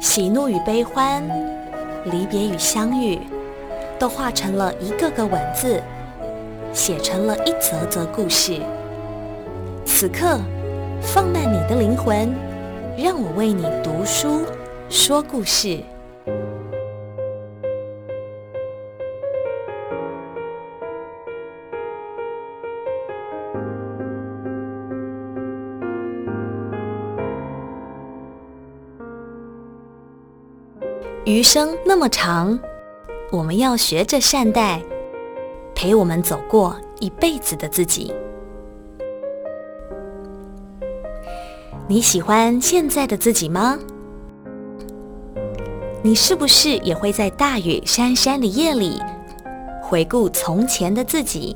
喜怒與悲歡，離別與相遇，都化成了一個個文字，寫成了一則則故事。此刻，放慢你的靈魂，讓我為你讀書，說故事。餘生那麼長，我們要學着善待陪我們走過一輩子的自己。你喜歡現在的自己嗎？你是不是也會在大雨潸潸的夜裡回顧從前的自己？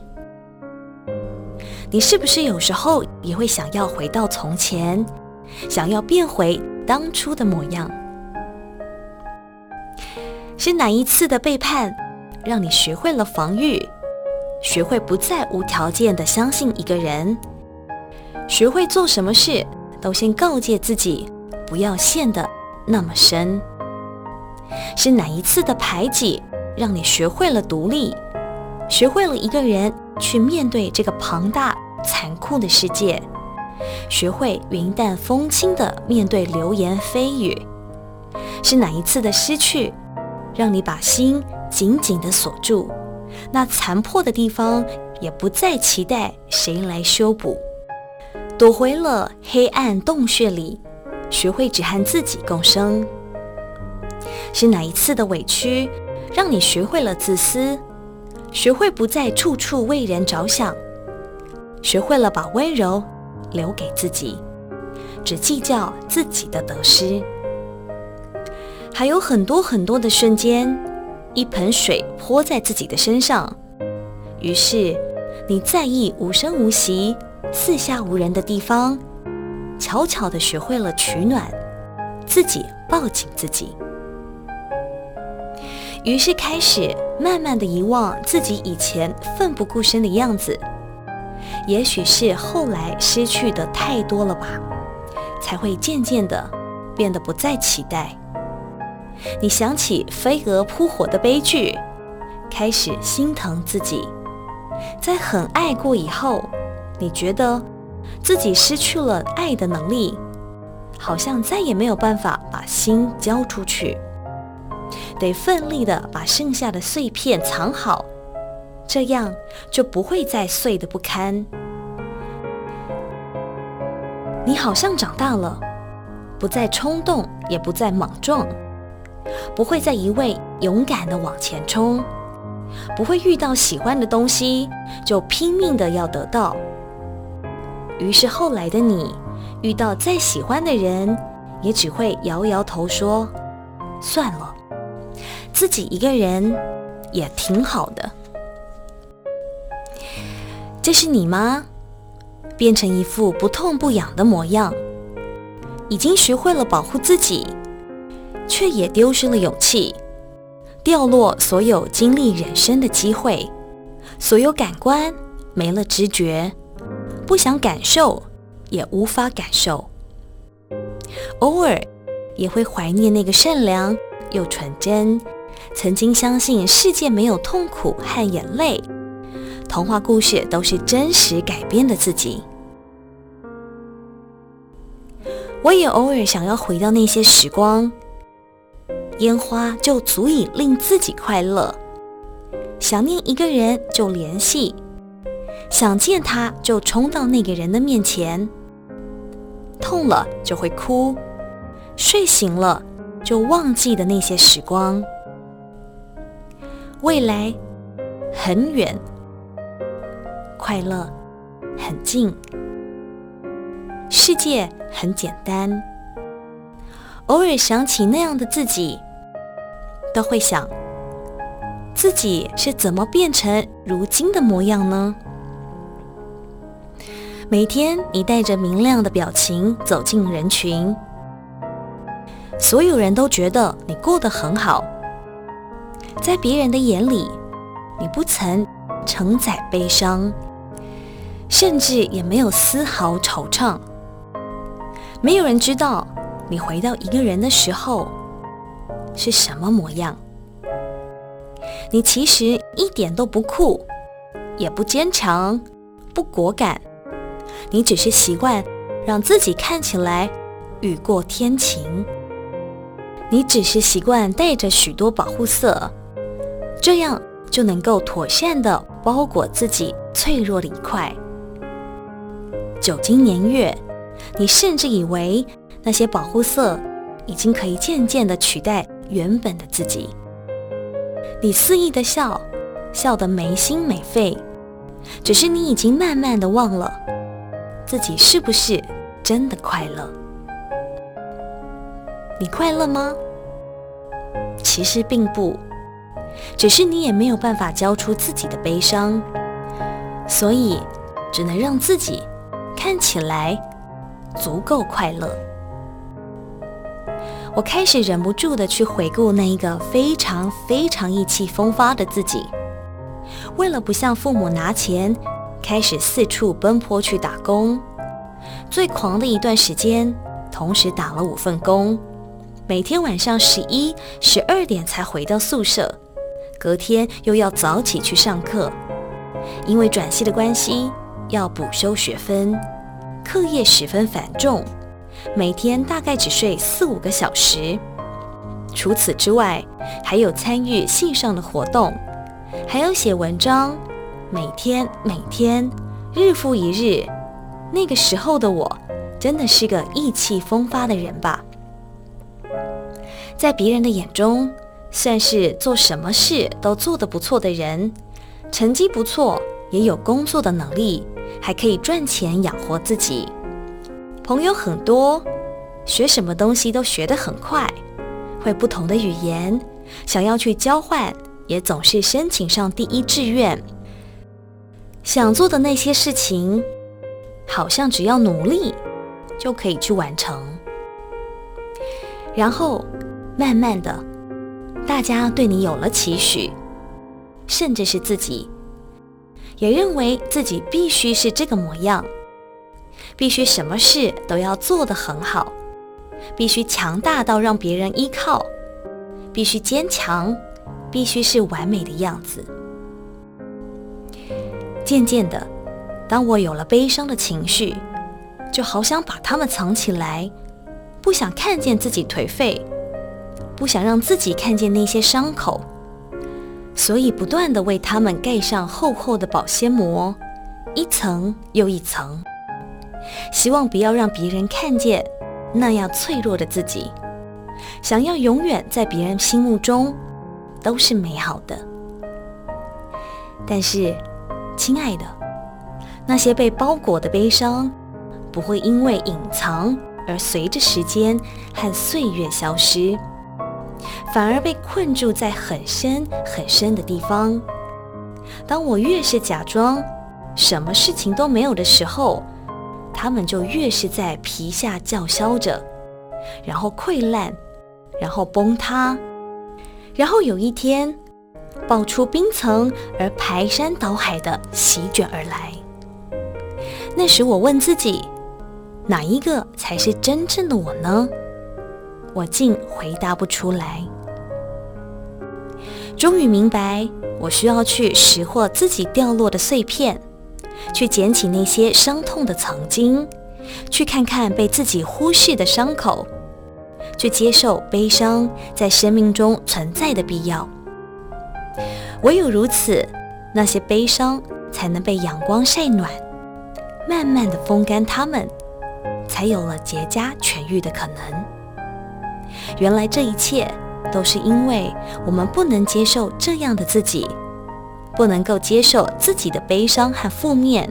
你是不是有時候也會想要回到從前，想要變回當初的模樣？是哪一次的背叛，讓你學會了防禦，學會不再無條件的相信一個人，學會做什麼事都先告誡自己不要陷得那麼深。是哪一次的排擠，讓你學會了獨立，學會了一個人去面對這個龐大殘酷的世界，學會雲淡風輕的面對流言蜚語。是哪一次的失去，讓你把心緊緊地鎖住，那殘破的地方也不再期待誰來修補，躲回了黑暗洞穴裡，學會只和自己共生。是哪一次的委屈，讓你學會了自私，學會不再處處為人着想，學會了把溫柔留給自己，只計較自己的得失。還有很多很多的瞬間，一盆水潑在自己的身上，於是你在意無聲無息、四下無人的地方，悄悄的學會了取暖，自己抱緊自己。於是開始慢慢的遺忘自己以前奮不顧身的樣子，也許是後來失去的太多了吧，才會漸漸的變得不再期待。你想起飛蛾撲火的悲劇，開始心疼自己。在很愛過以後，你覺得自己失去了愛的能力，好像再也沒有辦法把心交出去，得奮力地把剩下的碎片藏好，這樣就不會再碎得不堪。你好像長大了，不再衝動，也不再莽撞。不會再一味勇敢地往前衝，不會遇到喜歡的東西就拼命地要得到。於是後來的你，遇到再喜歡的人，也只會搖搖頭說：“算了，自己一個人也挺好的。”這是你嗎？變成一副不痛不癢的模樣，已經學會了保護自己。卻也丟失了勇氣，掉落所有經歷人生的機會，所有感官沒了知覺，不想感受，也無法感受。偶爾，也會懷念那個善良又純真，曾經相信世界沒有痛苦和眼淚，童話故事都是真實改編的自己。我也偶爾想要回到那些時光。煙花就足以令自己快樂。想念一個人就聯繫，想見他就衝到那個人的面前。痛了就會哭，睡醒了就忘記的那些時光。未來很遠，快樂很近，世界很簡單。偶爾想起那樣的自己。都會想自己是怎麼變成如今的模樣呢？每天你帶着明亮的表情走進人群，所有人都覺得你過得很好。在別人的眼裡，你不曾承載悲傷，甚至也沒有絲毫惆悵。沒有人知道你回到一個人的時候。是什麼模樣？你其實一點都不酷，也不堅強，不果敢。你只是習慣讓自己看起來雨過天晴。你只是習慣帶着許多保護色，這樣就能夠妥善的包裹自己脆弱的一塊。久經年月，你甚至以為那些保護色已經可以漸漸的取代。原本的自己，你肆意的笑，笑得沒心沒肺，只是你已經慢慢的忘了，自己是不是真的快樂？你快樂嗎？其實並不，只是你也沒有辦法交出自己的悲傷，所以只能讓自己看起來足夠快樂。我開始忍不住的去回顧那一個非常非常意氣風發的自己，為了不向父母拿錢，開始四處奔波去打工。最狂的一段時間，同時打了五份工，每天晚上十一、十二點才回到宿舍，隔天又要早起去上課。因為轉系的關係，要補修學分，課業十分繁重。每天大概只睡四五個小時，除此之外，還有參與線上的活動，還要寫文章，每天每天，日復一日。那個時候的我，真的是個意氣風發的人吧？在別人的眼中，算是做什麼事都做得不錯的人，成績不錯，也有工作的能力，還可以賺錢養活自己。朋友很多，學什麼東西都學得很快，會不同的語言，想要去交換，也總是申請上第一志願。想做的那些事情，好像只要努力就可以去完成。然後，慢慢的，大家對你有了期許，甚至是自己，也認為自己必須是這個模樣。必須什麼事都要做得很好，必須強大到讓別人依靠，必須堅強，必須是完美的樣子。漸漸的，當我有了悲傷的情緒，就好想把它們藏起來，不想看見自己頹廢，不想讓自己看見那些傷口，所以不斷地為它們蓋上厚厚的保鮮膜，一層又一層。希望不要讓別人看見那樣脆弱的自己，想要永遠在別人心目中都是美好的。但是，親愛的，那些被包裹的悲傷不會因為隱藏而隨着時間和歲月消失，反而被困住在很深很深的地方。當我越是假裝什麼事情都沒有的時候，他們就越是在皮下叫囂着，然後潰爛，然後崩塌，然後有一天爆出冰層，而排山倒海的席捲而來。那時我問自己，哪一個才是真正的我呢？我竟回答不出來。終於明白，我需要去拾獲自己掉落的碎片。去撿起那些傷痛的曾經，去看看被自己忽視的傷口，去接受悲傷在生命中存在的必要。唯有如此，那些悲傷才能被陽光曬暖，慢慢的風乾，它們才有了結痂痊愈的可能。原來這一切都是因為我們不能接受這樣的自己。不能夠接受自己的悲傷和負面，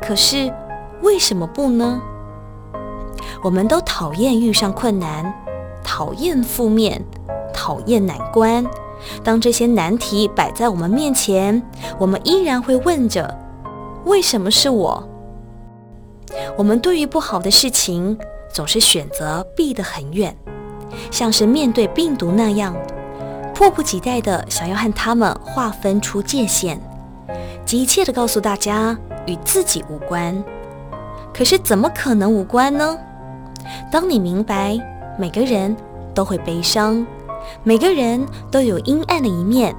可是為什麼不呢？我們都討厭遇上困難，討厭負面，討厭難關。當這些難題擺在我們面前，我們依然會問着：為什麼是我？我們對於不好的事情，總是選擇避得很遠，像是面對病毒那樣。迫不及待地想要和他們劃分出界限，急切地告訴大家與自己無關。可是，怎麼可能無關呢？當你明白每個人都會悲傷，每個人都有陰暗的一面，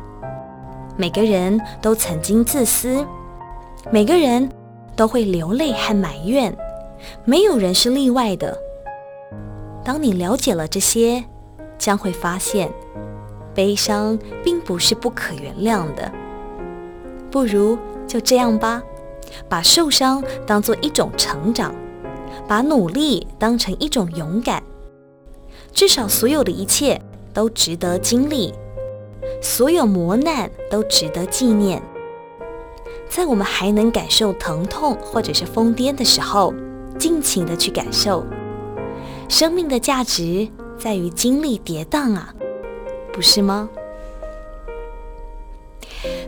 每個人都曾經自私，每個人都會流淚和埋怨，沒有人是例外的。當你了解了這些，將會發現。悲傷並不是不可原諒的，不如就這樣吧，把受傷當作一種成長，把努力當成一種勇敢。至少所有的一切都值得經歷，所有磨難都值得紀念。在我們還能感受疼痛或者是瘋癲的時候，盡情地去感受。生命的價值在於經歷跌宕啊。不是嗎？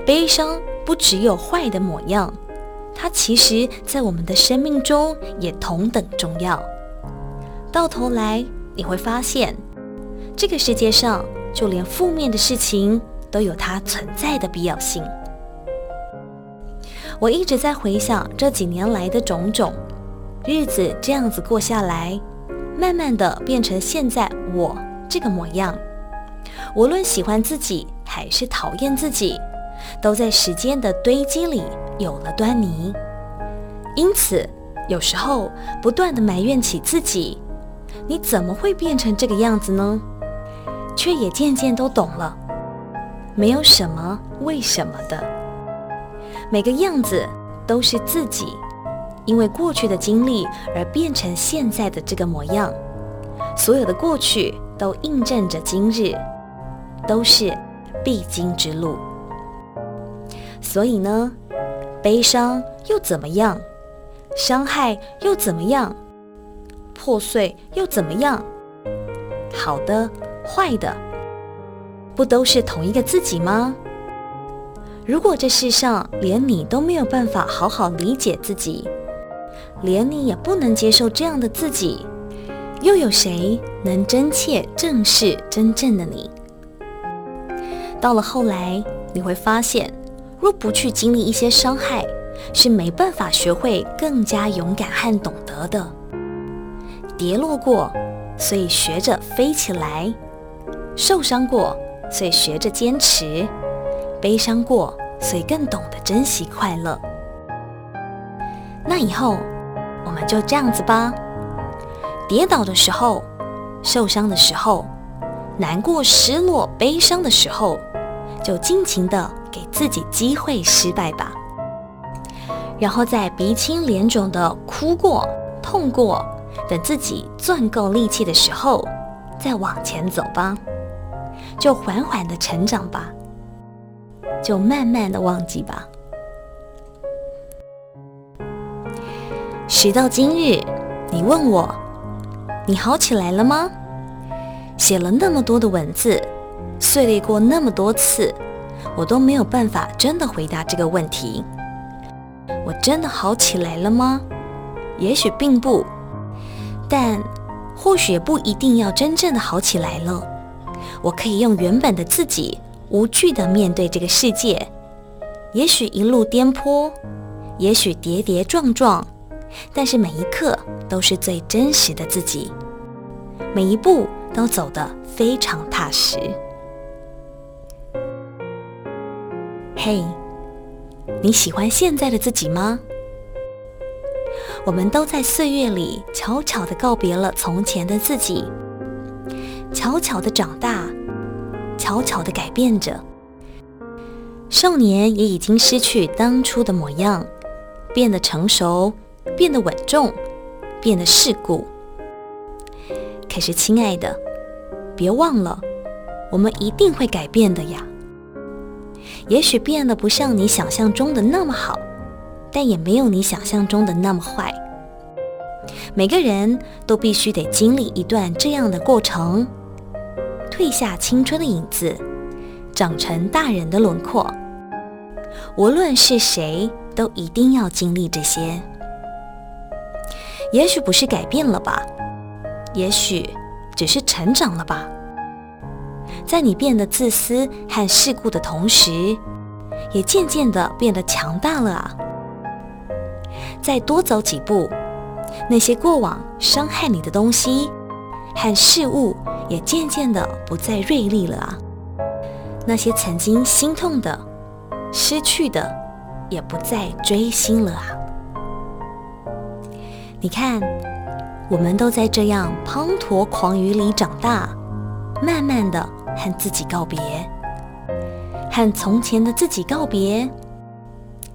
悲傷不只有壞的模樣，它其實，在我們的生命中也同等重要。到頭來，你會發現，這個世界上就連負面的事情都有它存在的必要性。我一直在回想這幾年來的種種，日子這樣子過下來，慢慢的變成現在我這個模樣。無論喜歡自己還是討厭自己，都在時間的堆積裡有了端倪。因此，有時候不斷地埋怨起自己：“你怎麼會變成這個樣子呢？”卻也漸漸都懂了，沒有什麼為什麼的，每個樣子都是自己因為過去的經歷而變成現在的這個模樣。所有的過去都印證着今日。都是必經之路，所以呢，悲傷又怎麼樣？傷害又怎麼樣？破碎又怎麼樣？好的、壞的，不都是同一個自己嗎？如果這世上連你都沒有辦法好好理解自己，連你也不能接受這樣的自己，又有誰能真切正視真正的你？到了後來，你會發現，若不去經歷一些傷害，是沒辦法學會更加勇敢和懂得的。跌落過，所以學着飛起來；受傷過，所以學着堅持；悲傷過，所以更懂得珍惜快樂。那以後，我們就這樣子吧。跌倒的時候，受傷的時候，難過、失落、悲傷的時候。就盡情的給自己機會失敗吧，然後在鼻青臉腫的哭過、痛過，等自己攢夠力氣的時候，再往前走吧。就緩緩的成長吧，就慢慢的忘記吧。時到今日，你問我，你好起來了嗎？寫了那麼多的文字。碎裂過那麼多次，我都沒有辦法真的回答這個問題。我真的好起來了嗎？也許並不，但或許不一定要真正的好起來了。我可以用原本的自己無懼地面對這個世界。也許一路顛簸，也許跌跌撞撞，但是每一刻都是最真實的自己，每一步都走得非常踏實。嘿，hey, 你喜歡現在的自己嗎？我們都在歲月裡悄悄的告別了從前的自己，悄悄的長大，悄悄的改變着。少年也已經失去當初的模樣，變得成熟，變得穩重，變得世故。可是，親愛的，別忘了，我們一定會改變的呀。也許變得不像你想象中的那麼好，但也沒有你想象中的那麼壞。每個人都必須得經歷一段這樣的過程，褪下青春的影子，長成大人的輪廓。無論是誰，都一定要經歷這些。也許不是改變了吧，也許只是成長了吧。在你變得自私和世故的同時，也漸漸的變得強大了啊！再多走幾步，那些過往傷害你的東西和事物，也漸漸的不再銳利了啊！那些曾經心痛的、失去的，也不再追星了啊！你看，我們都在這樣滂沱狂雨裡長大，慢慢的。和自己告別，和從前的自己告別，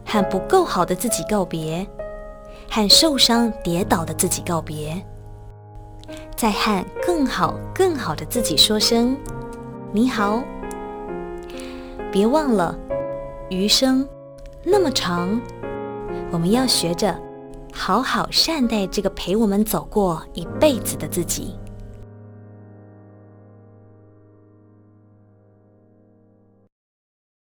和不夠好的自己告別，和受傷跌倒的自己告別，再和更好更好的自己說聲你好。別忘了，餘生那麼長，我們要學着好好善待這個陪我們走過一輩子的自己。